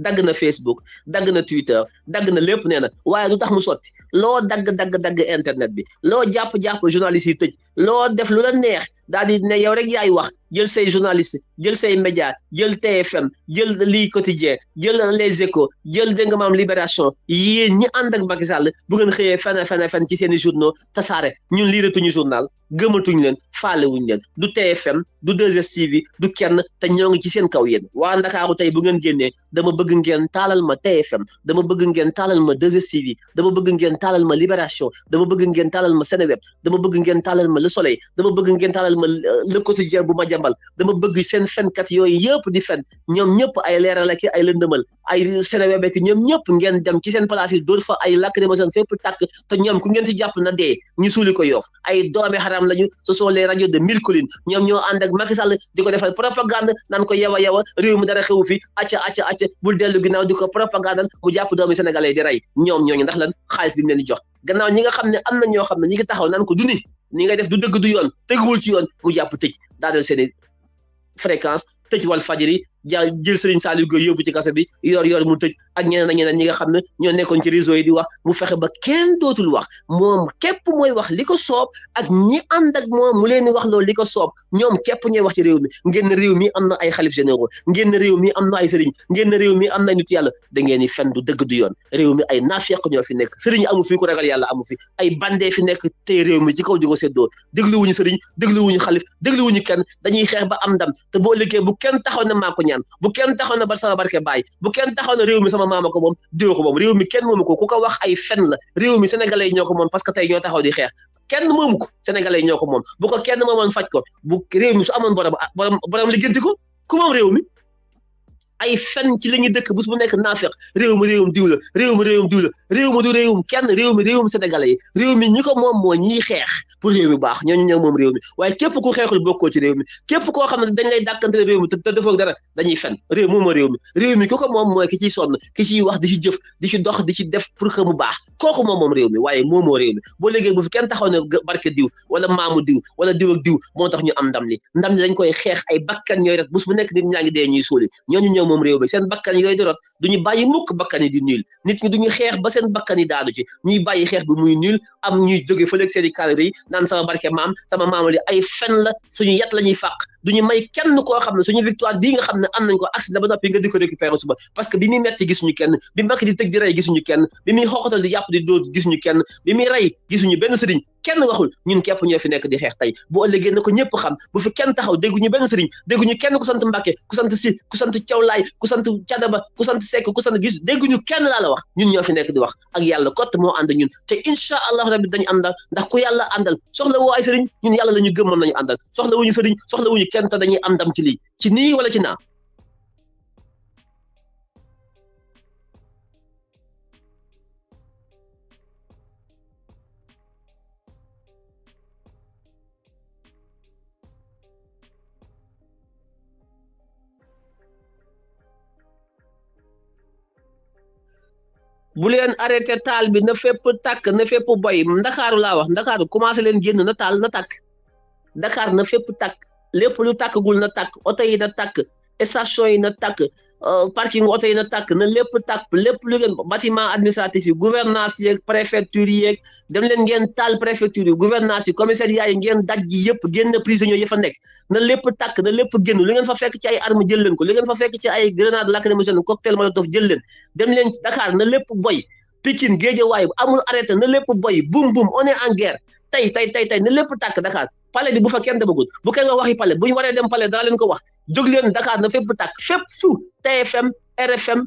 dagg na Facebook dagg na Twitter dagg na lépp nee na waaye du tax mu sotti loo dagg dagg dagg internet bi loo jàpp-jàpp journaliste yi tëj loo def lu la neex daal di ne yow rek yaay wax jël say journaliste jël say média jël te TFM jël lii quotidien jël les échos jël dégg nga maam libération yéen ñi ànd ak Macky Sall bu ngeen xëyee fenn fenn fenn ci seen i journaux tasaare ñun liiratuñu journal gëmatuñu leen faalewuñu leen du fem du 2STV du kenn te ñoo ngi ci seen kaw yéen waa Ndakaaru tey bu ngeen génnee dama bëgg ngeen taalal ma TFM dama bëgg ngeen taalal ma 2STV dama bëgg ngeen taalal ma libération dama bëgg ngeen taalal ma Seneweb dama bëgg ngeen taalal ma le soleil dama bëgg ngeen taalal ma le quotidien bu ma jambal dama bëgg seen fenkat yooyu yëpp di fen ñoom ñëpp ay leeral ak ay lëndëmal ay Seneweb ak ñoom ñëpp ngeen dem ci seen place yi fa ay lacrymogène fépp tàkk te ñoom ngeen ci jàpp na dee ñu ko yoof ay doomi xaram lañu ce sont les radios de mille collines ñoom ñoo ànd ak Macky di ko defal propagande naan ko yewa yewa réew mi dara xewu fi acca acca acca di ko propagandal mu jàpp doomi sénégalais di rey ñoom ñooñu ndax lan xaalis bi mu leen di jox gannaaw ñi nga xam ne am na ñoo xam ne ñi ngi taxaw naan ko duni ni ngay def du dëgg du yoon teguwul ci yoon mu jàpp tëj daaneel seen i fréquence tëj Walfadjri jaa jël Serigne Saliou Gueye yóbbu ci kaso bi yor yor mu tëj ak ñeneen ak ñeneen ñi nga xam ne ñoo nekkoon ci réseau yi di wax mu fexe ba kenn dootul wax moom képp mooy wax li ko soob ak ñi ànd ak moom mu leen di wax loolu li ko soob ñoom képp ñooy wax ci réew mi ngeen ne réew mi am na ay xalif généraux ngeen ne réew mi am na ay sëriñ ngeen ne réew mi am na ay nit yàlla da ngeen di fen du dëgg du yoon réew mi ay naafeq ñoo fi nekk sëriñ amu fi ku ragal yàlla amu fi ay bandee fi nekk tey réew mi ci kaw di ko séddoo dégluwuñu sëriñ dégluwuñu xalif dégluwuñu kenn dañuy xeex ba am ndam te boo liggéey bu kenn taxaw na maa ko ñaan bu kenn taxaw na ba sama barke baay bu kenn taxaw na réew sama maama ko moom diw ko moom réew mi kenn moomu ko ay fen la réew mi sénégalais yi ñoo ko di xeex kenn moomu ko sénégalais yi ñoo ko moom bu ko kenn moomoon faj ko bu réew mi su ay fen ci la ñuy dëkk bus bu nekk naafeq réew mi réewum diw la réew mi réewum diw la réew mi du réewum kenn réew mi réewum sénégalais yi réew mi ñi ko moom moo ñiy xeex pour réew mi baax ñooñu ñoo moom réew mi waaye képp ku xeexul bokkoo ci réew képp koo xam ne dañ lay dàkkanteel réew mi te defoo dara dañuy fen réew moom réew mi réew mi ko moom mooy ki ciy sonn ki ciy wax di ci jëf di ci dox di ci def pour que baax kooku moom moom réew mi waaye moomoo réew mi boo léegi bu fi kenn taxaw ne barke diw wala maamu diw wala diw ak diw moo tax ñu am ndam li ndam ni dañ koy xeex ay bakkan ñooy rek bus bu nekk nit ñaa ngi dee ñuy suuli ñoo moom réew mi seen bakkan yooyu di rot duñu bàyyi mukk bakkan yi di nul nit ñi duñu xeex ba seen bakkan yi daanu ci ñuy bàyyi xeex bi muy nul am ñuy jóge fële seen i calories naan sama barke maam sama maamali ay fen la suñu yat la ñuy fàq du duñu may kenn koo xam ne suñu victoire bii nga xam ne am nañ ko accident ba noppi nga di ko récupérer suba parce que bi muy metti gisuñu kenn bi Macky di tëj di rey gisuñu kenn bi muy xooxatal di yàpp di dóor gisuñu kenn bi muy rey gisuñu benn sëriñ kenn waxul ñun kepp ñoo fi nekk di xeex tey bu ëllëgee na ko ñëpp xam bu fi kenn taxaw dégguñu benn sëriñ dégguñu kenn ku sant Mbàkke ku sant Si ku sant Cawlaay ku sant Cadaba ku sant Seck ku sant gis dégguñu kenn laa la wax ñun ñoo fi nekk di wax ak yàlla kott moo ànd ñun te incha allah rabbi dañu yàlla àndal soxla woo ay sëriñ ñun yàlla la ñu gëm moom nañu àndal soxla wuñu sëriñ kenn ta dañuy am dam ci li ci ni wala ci na bu leen arrêté taal bi na fépp tak na fépp boy ndakaru laa wax ndakaaru commencé leen na tal na tak Dakar na fépp tak lépp lu tàkkagul na tàkk oto yi na tàkk station yi na tàkk euh, parking oto yi na tàkk na lépp tàkk lépp lu ngeen bâtiment administratif yi gouvernance yeeg préfecture yeeg dem leen ngeen taal préfecture yi gouvernance yi commissariat yi ngeen daj ji yëpp génn prisonniers yi fa nekk na lépp tàkk na lépp génn lu ngeen fa fekk ci ay arme jël leen ko lu ngeen fa fekk ci ay grenade lacrymogène cocktail molotov jël leen dem leen Dakar na lépp boy Pikine Guédiawaye amul arrêté na lépp boy boum boum on est en guerre tey tey na lépp tàkk Dakar palais bi bu fa kenn demagut bu kenn nga waxi palais pale ñu waree dem palais danaa leen ko wax jóg leen Dakar na fépp tàkk fépp fu TFM RFM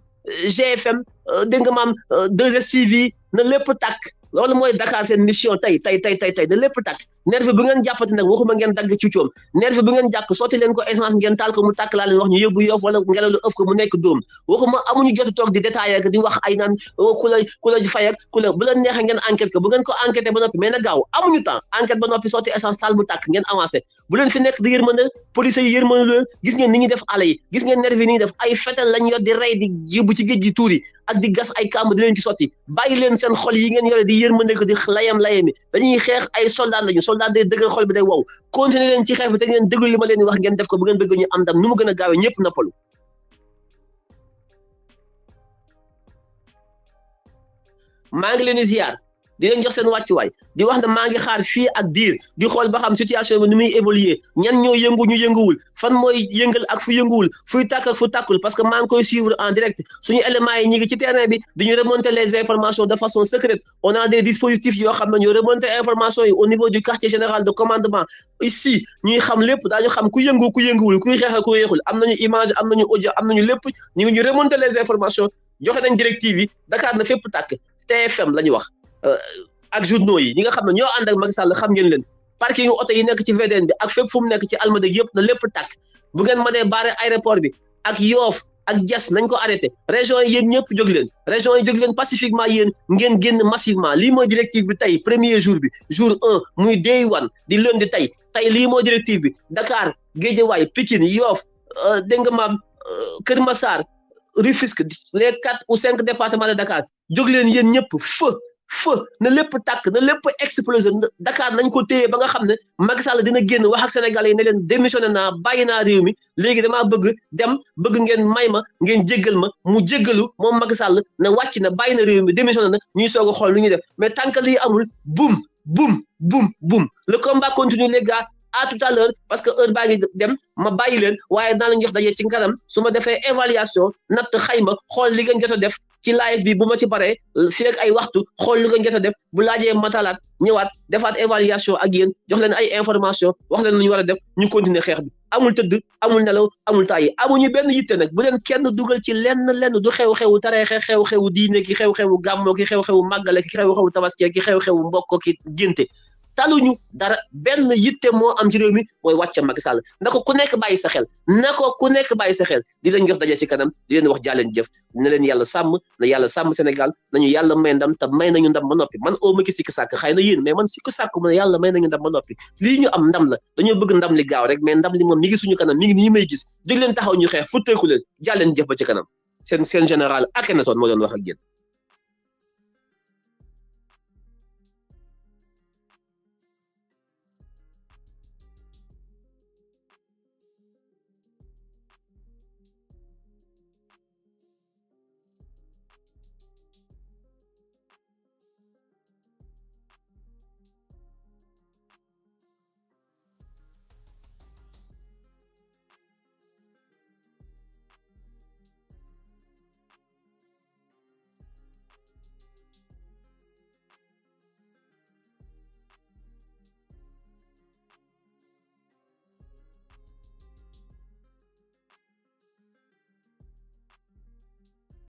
GFM euh, dégg nga maam 2 euh, vi na lépp tàkk loolu mooy Dakar seen mission tey tey tey tey tey da lépp tàkk nervi bu ngeen jàppati nag waxuma ngeen dagg ci coom nervi bu ngeen jàkk sotti leen ko essence ngeen taal ko mu tàkk laa leen wax wala ngelaw lu ëf ko mu nekk dóom waxuma amuñu di détaillé ak di wax ay naan oh, ku la ku la fay ak ku la ngeen enquête ko bu ngeen ko enquêté ba noppi mais na gaaw amuñu temps enquête ba noppi sotti essence sal mu tàkk ngeen avancé ay fetal lañ yor di rey di yóbbu ci ak di gas ay kàmb di leen ci sotti bàyyi leen seen xol yi ngeen yore di yërmande ko di layam layami dañuy xeex ay soldat lañu soldat day dëgër xol bi day wow continuer leen ci xeex bi te ngeen déglu li ma leen wax ngeen def ko bu ngeen bëgg ñu am ndam nu mu gën a gaawee ñëpp noppalu. maa ngi leen di di leen jox seen wàccuwaay di wax ne maa ngi xaar fii ak diir di xool ba xam situation bi nu muy évoluer ñan ñoo yëngu ñu yënguwul fan mooy yëngal ak fu yënguwul fuy tàkk ak fu tàkkul parce que maa ngi koy suivre en direct suñu éléments yi ñu ngi ci terrain bi dañu remonter les informations de façon secrète on a des dispositifs yoo xam ne ñoo remonter information yi au niveau du quartier général de commandement ici ñuy xam lépp daañu xam ku yëngu ku yënguwul kuy xeex ku yéexul am nañu image am nañu audio am nañu lépp ñu ngi ñu remonter les informations joxe nañ directives yi Dakar na fépp tàkk TFM la ñu wax Euh, ak journaux yi ñi nga xam ne ñoo ànd ak Macky Sall xam ngeen leen parking oto yi nekk ci VDN bi ak fépp fu mu nekk ci Almadies yëpp na lépp tàkk bu ngeen mënee baare aéroport bi ak Yoff ak Diass nañ ko arrêté région yi yéen ñëpp jóg leen région yi jóg leen pacifiquement yéen ngeen génn massivement lii mooy directive bi tey premier jour bi jour un muy day one di lundi tey tey lii mooy directive bi Dakar Guédiawaye Pikine Yoff euh, dégg nga maam euh, Kër Massar Rufisque les quatre ou cinq départements de Dakar jóg leen yéen ñëpp feu fë na lépp tàkk na lépp explosé Dakar nañ ko téye ba nga xam ne Macky Sall dina génn wax ak Sénégalais yi ne leen démissionné naa bàyyi naa réew mi léegi damaa bëgg dem bëgg ngeen may ma ngeen jéggal ma mu jéggalu moom Macky Sall na wàcc na bàyyi na réew mi démissionné na ñuy soog a xool lu ñuy def mais tant que lii amul boum bum boum boum le combat continue les gars à tout à parce que heure baa ngi dem ma bàyyi leen waaye daan lañ jox dajee ci kanam su ma defee évaluation nat xayma xool li ngeen jot a def ci live bi bu ma ci paree ay waxtu xool lu ngeen jot a def bu laajee matalaat ñëwaat defaat évaluation ak yéen jox leen ay information wax leen lu ñu war a def ñu continuer xeex bi amul tëdd amul nelaw amul taay yi amuñu benn yitte nag bu leen kenn dugal ci lenn lenn du xew-xewu tareexe xew-xewu diine ki xew-xewu gàmmoo ki xew-xewu màggale ki xew-xewu tabaski ki xew-xewu mbokk ki génte talu ñu dara benn yitte moo am ci réew mi mooy wàcce Macky Sall na ku nekk bàyyi sa xel na ku nekk bàyyi sa xel di leen jox daje ci kanam di leen wax jaaleen jëf na leen yàlla sàmm na sam senegal na ñu yalla may ndam te may nañu ndam ba noppi man oo ma ki na yéen mais man sikki sàkk mu ne yàlla may nañu ndam ba noppi lii ñu am ndam la dañoo bëgg ndam li gaaw rek mais ndam li moom mi ngi suñu kanam mi ngi nii may gis jóg leen ñu xeex futteeku leen jaaleen jëf ba ci kanam seen seen général Akhenaton moo doon wax ak yéen